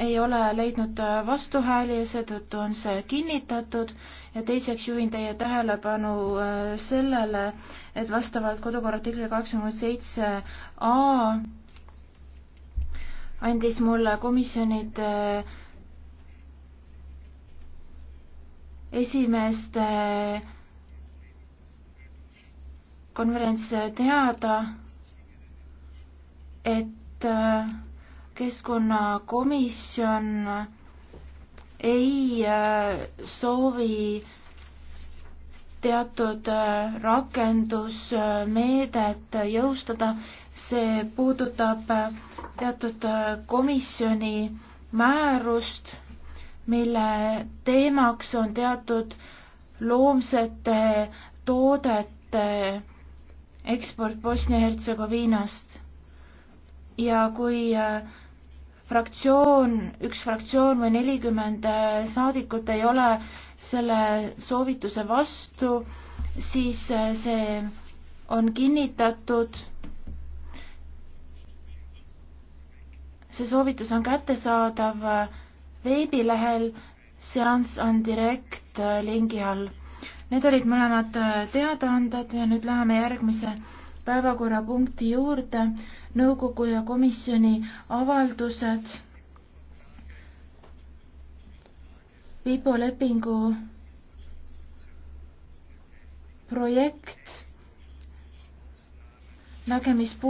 ei ole leidnud äh, vastuhääli ja seetõttu on see kinnitatud ja teiseks juhin teie tähelepanu äh, sellele, et vastavalt kodukorra artiklile kakskümmend seitse A andis mulle komisjonide äh, esimeeste konverents teada, et keskkonnakomisjon ei äh, soovi teatud äh, rakendusmeedet jõustada, see puudutab äh, teatud komisjoni määrust, mille teemaks on teatud loomsete toodete eksport Bosnia-Hertsegoviinast. ja kui fraktsioon, üks fraktsioon või nelikümmend äh, saadikut ei ole selle soovituse vastu, siis äh, see on kinnitatud. see soovitus on kättesaadav äh, veebilehel Seanss on direkt lingi all. Need olid mõlemad teadaanded ja nüüd läheme järgmise päevakorrapunkti juurde nõukogu ja komisjoni avaldused Vibo lepingu projekt nägemispuu-